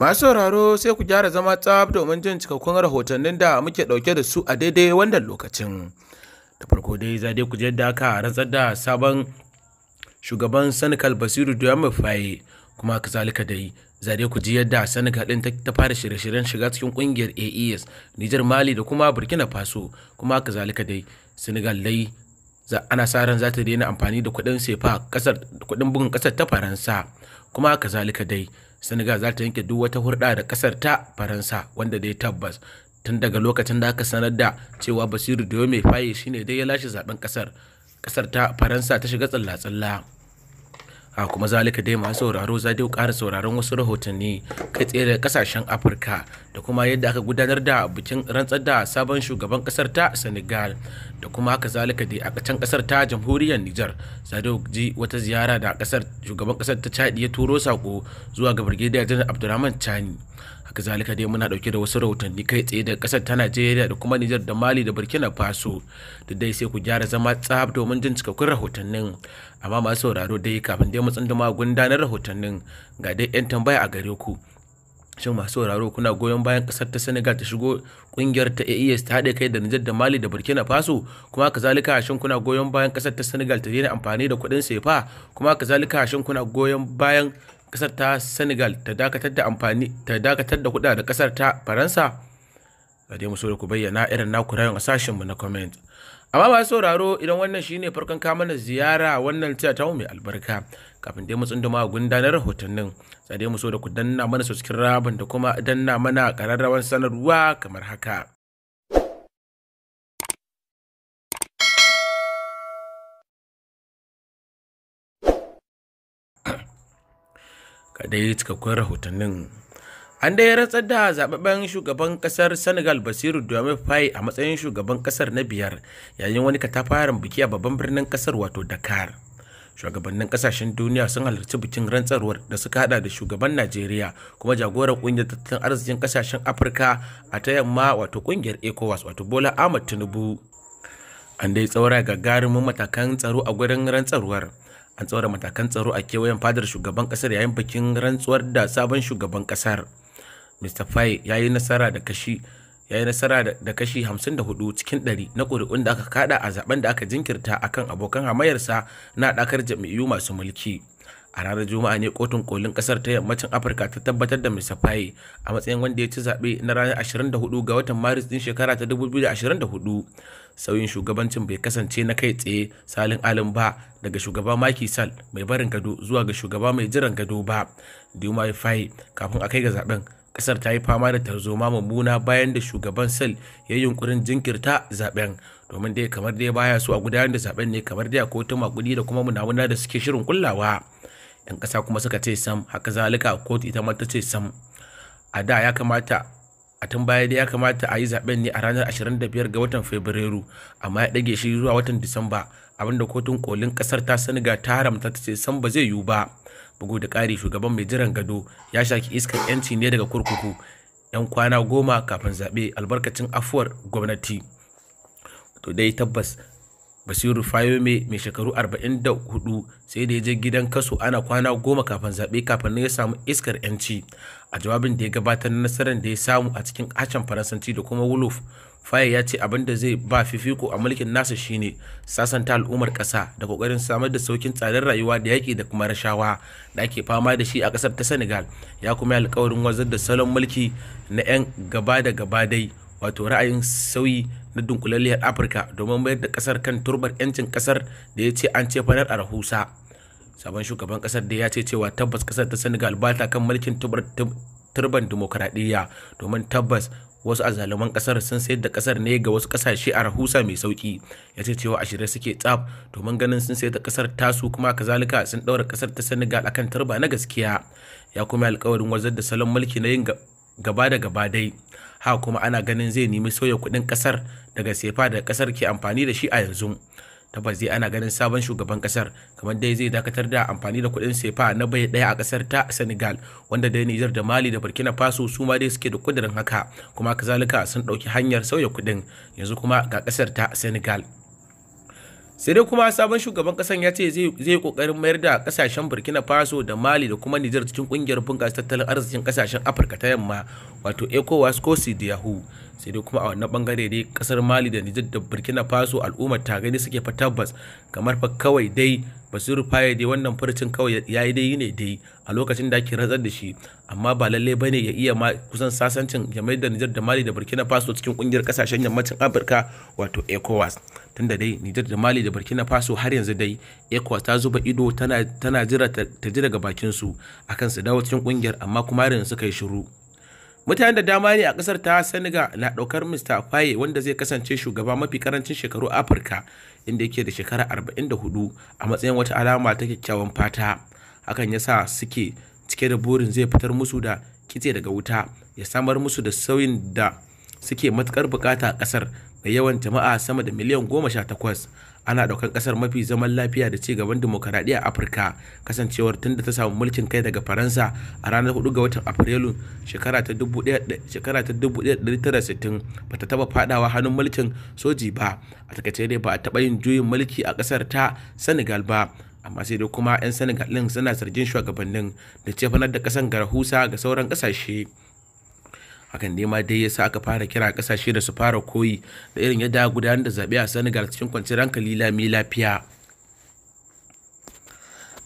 Masu sauraro sai ku gyara zama tsaf domin jin cikakkun rahotannin da muke ɗauke da su a daidai wannan lokacin. Da farko dai za dai ku je da aka rantsar da sabon shugaban Senegal Basiru Diomaye Faye kuma zalika dai za dai ku ji yadda Senegal din ta fara shirye-shiryen shiga cikin kungiyar AES, Niger Mali da kuma Burkina Faso kuma zalika dai Senegal dai ana sa ran za ta daina amfani da kuɗin sefa kasar kuɗin bugun kasar ta Faransa kuma zalika dai senegal za ta yanke duk wata hurɗa da ƙasar ta faransa wanda dai tabbas tun daga lokacin da aka sanar da cewa basiru diome faye shine dai ya lashe zaben ƙasar ƙasar ta faransa ta shiga tsalla-tsalla a kuma zalika dai masu sauraro za dai ƙara sauraron wasu rahotanni kai tsaye da kasashen afirka da kuma yadda aka gudanar da bikin rantsar da sabon shugaban kasar ta senegal da kuma haka zalika dai a can kasar ta jamhuriyar niger za ji wata ziyara da kasar shugaban kasar ta chadi ya turo sako zuwa ga birgidiyar janar abdulrahman chani haka dai muna dauke da wasu rahotanni kai tsaye daga kasar ta najeriya da kuma nijar da mali da burkina faso da dai sai ku gyara zama tsab domin jin cikakkun rahotannin amma masu sauraro dai kafin dai mu tsunduma gundanar rahotannin ga dai yan tambaya a gare ku shin masu sauraro kuna goyon bayan kasar ta senegal ta shigo kungiyar ta aes ta haɗe kai da nijar da mali da burkina faso kuma kazalika shin kuna goyon bayan kasar ta senegal ta daina amfani da kuɗin sefa kuma kazalika shin kuna goyon bayan kasar ta senegal ta dakatar da amfani ta dakatar da da kasar ta faransa ga dai musu ku bayyana irin naku a sashen mu na comment amma ba sauraro idan wannan shine farkon kamar ziyara wannan ta ta mai albarka kafin dai mu tsunduma gundanar rahotannin sai dai mu so da ku danna mana subscribe da kuma danna mana kararrawan sanarwa kamar haka dai cikakkun rahotannin an dai rantsar da zababben shugaban kasar senegal basiru domin faye a matsayin shugaban kasar na biyar yayin wani katafaren biki a babban birnin kasar wato dakar shugabannin kasashen duniya sun halarci bikin rantsarwar da suka hada da shugaban najeriya kuma jagoran kungiyar tattalin arzikin kasashen afirka a ta yamma wato kungiyar ecowas wato bola ahmad tinubu an dai tsaura gagarumin matakan tsaro a gurin rantsarwar an tsawar matakan tsaro a kewayen fadar shugaban kasar yayin bikin rantsuwar da sabon shugaban kasar mr faye ya yi nasara da kashi ya yi nasara da kashi 54 cikin 100 na kuri'un da aka kada a zaben da aka jinkirta akan abokan hamayarsa na ɗakar jam'iyyu masu mulki a ranar juma'a ne kotun kolin kasar ta yammacin afirka ta tabbatar da mr faye a matsayin wanda ya ci zaɓe na ranar 24 ga watan maris din shekara ta 2024 sauyin shugabancin bai kasance na kai tsaye salin alin ba daga shugaba maki sal mai barin gado zuwa ga shugaba mai jiran gado ba duma faye kafin a kai ga zaɓen kasar ta yi fama da tarzoma mummuna bayan da shugaban sal ya yi yunkurin jinkirta zaɓen domin dai kamar dai baya so a gudanar da zaɓen ne kamar dai a kotun makudi da kuma munamuna da suke shirin kullawa 'yan ƙasa kuma suka ce sam haka zalika kotu ita ma ta ce sam a da ya kamata a tun baya dai ya kamata a yi zaɓen ne a ranar 25 ga watan fabrairu amma ya ɗage shi zuwa watan disamba abinda kotun kolin ƙasar ta sani ga ta haramta ta ce sam ba zai yiwu ba bugu da ƙari shugaban mai jiran gado ya shaki iskar yanci ne daga kurkuku yan kwana goma kafin zaɓe albarkacin afuwar gwamnati to dai tabbas basiru fayome mai shekaru 44 sai da ya je gidan kaso ana kwana goma kafin zaɓe kafin ya samu iskar yanci a jawabin da ya gabatar na nasarar da ya samu a cikin ƙacen faransanci da kuma wolof faye ya ce abin da zai ba fifiko a mulkin nasa shine sasanta al'ummar ƙasa da kokarin samar da saukin tsadar rayuwa da yaƙi da kuma rashawa da ake fama da shi a ƙasar ta senegal ya kuma yi alkawarin wazar da salon mulki na 'yan gaba da gaba dai wato ra'ayin sauyi na dunkulalliyar afirka domin mayar da kasar kan turbar 'yancin kasar da ya ce an ce fanar a rahusa sabon shugaban kasar da ya ce cewa tabbas kasar ta senegal ba ta kan mulkin turban dimokuraɗiyya domin tabbas wasu azaluman kasar sun sayar da kasar ne ga wasu kasashe a rahusa mai sauki ya ce cewa ashirin suke tsaf domin ganin sun sayar da kasar tasu kuma kazalika sun ɗaura kasar ta senegal akan turba na gaskiya ya kuma alkawarin wazar da salon mulki na yin gaba da gaba dai ha kuma ana ganin zai nemi sauya kudin kasar daga sefa da kasar ke amfani da shi a yanzu tabbas dai ana ganin sabon shugaban kasar kamar dai zai dakatar da amfani da kudin sefa na bai daya a kasar ta senegal wanda dai nijar da mali da burkina faso su ma dai suke da kudirin haka kuma kazalika sun dauki hanyar sauya kudin yanzu kuma ga kasar ta senegal sai dai kuma sabon shugaban kasan ya ce zai kokarin mayar da kasashen burkina faso da mali da kuma nijar cikin kungiyar bunƙasa tattalin arzikin kasashen afirka ta yamma wato ecowas ko sidiyahu sai dai kuma a wannan bangare dai kasar mali da nijar da burkina faso al'ummar ta gani suke fa tabbas kamar fa kawai dai basiru faye dai wannan furcin kawai ya yi dai ne dai a lokacin da ake ratsar da shi amma ba lallai bane ya iya ma kusan sasancin game da Nijar da Mali da Burkina Faso cikin kungiyar kasashen yammacin Afirka wato ECOWAS tunda dai Nijar da Mali da Burkina Faso har yanzu dai ECOWAS ta zuba ido tana jira ta ji daga bakin su akan su dawo cikin kungiyar amma kuma yanzu suka yi shiru mutane da dama ne a kasar ta senegal na daukar mr faye wanda zai kasance shugaba mafi karancin shekaru afirka inda yake da shekara 44 a matsayin wata alama ta kyakkyawan fata hakan ya sa suke cike da burin zai fitar musu da kitse daga wuta ya samar musu da sauyin da suke matukar bukata a kasar mai yawan jama'a sama da miliyan goma sha takwas ana daukan kasar mafi zaman lafiya da ci gaban demokaradiyya a afirka kasancewar tun da ta samu mulkin kai daga faransa a ranar 4 ga watan afrilu shekara ta 1960 ba ta taba fadawa hannun mulkin soji ba a takaice dai ba a taba yin juyin mulki a kasar ta senegal ba amma sai dai kuma 'yan senegal din suna zargin shugabannin da cefanar da kasan garahusa ga sauran kasashe hakan ne ma dai yasa aka fara kira kasashe da su fara koyi da irin yadda gudanar da zaɓe a senegal cikin kwanciyar hankali lami lafiya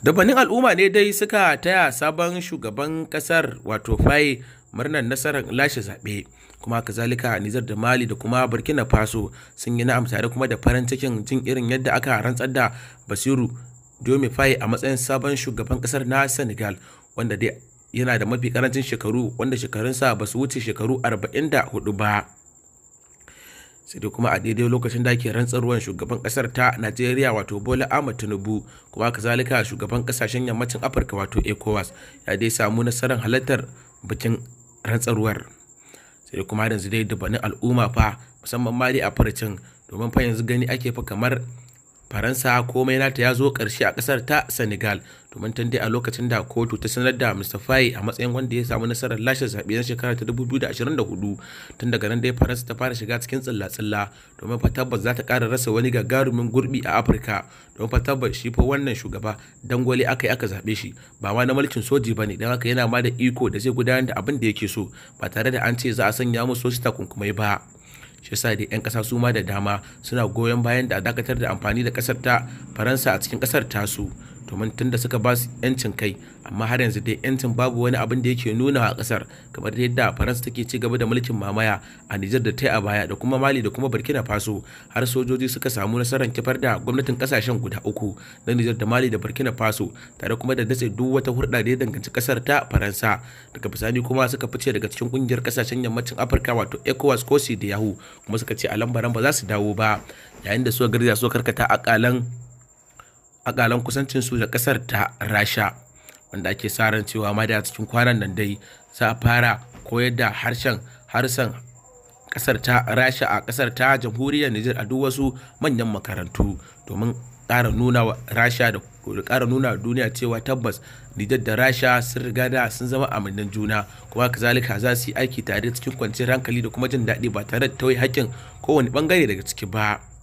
dabbanin al'umma ne dai suka taya sabon shugaban kasar wato faye murnar nasarar lashe zaɓe kuma kazalika nizar da mali da kuma burkina faso sun yi na'am tare kuma da farin cikin jin irin yadda aka rantsar da basiru diomi faye a matsayin sabon shugaban kasar na senegal wanda dai yana da mafi karancin shekaru wanda shekarunsa ba su wuce shekaru 44 ba sai dai kuma a daidai lokacin da ke rantsarwar shugaban kasar ta najeriya wato bola ahmad tinubu kuma kazalika shugaban kasashen yammacin afirka wato ecowas ya dai samu nasarar halartar bikin rantsarwar sai dai kuma yanzu dai dubanin al'umma fa musamman ma dai a farcin domin fa yanzu gani ake fa kamar faransa komai nata ya zo karshe a kasar ta senegal domin tun dai a lokacin da kotu ta sanar da Faye a matsayin wanda ya samu nasarar lashe zaɓe na shekara ta 2024 tun daga nan dai faransa ta fara shiga cikin tsilla-tsilla domin fa tabbas za ta ƙara rasa wani gagarumin gurbi a afirka domin fa tabbas shi fa wannan shugaba dangwale aka yi aka zaɓe shi ba ma na mulkin soji ba ne don haka yana ma da iko da zai gudanar da abin da yake so ba tare da an ce za a sanya musu wasu kunkumai ba. shi yasa da 'yan ƙasa su ma da dama suna goyon bayan da dakatar da amfani da ƙasar ta faransa a cikin ƙasar tasu domin tun da suka ba su yancin kai amma har yanzu dai yancin babu wani abin da yake nuna a kasar kamar yadda faransa take ci gaba da mulkin mamaya a nijar da ta yi a baya da kuma mali da kuma burkina faso har sojoji suka samu nasarar kifar da gwamnatin kasashen guda uku na nijar da mali da burkina faso tare kuma da datse duk wata hulɗa da ya danganci kasar ta faransa daga bisani kuma suka fice daga cikin ƙungiyar kasashen yammacin afirka wato ecowas da yahu kuma suka ce a lambaran ba za su dawo ba yayin da suka garza suka karkata akalan akalan su da kasar ta rasha wanda ake sa ran cewa ma da cikin kwanan nan dai za a fara koyar da harshen harsan kasar ta rasha a kasar ta jamhuriyar nijar a duk wasu manyan makarantu domin ƙara nuna wa rasha da ƙara nuna duniya cewa tabbas nijar da rasha sun riga da sun zama aminan juna kuma kazalika za su yi aiki tare cikin kwanciyar hankali da kuma jin daɗi ba tare da tauye haƙƙin kowane bangare daga ciki ba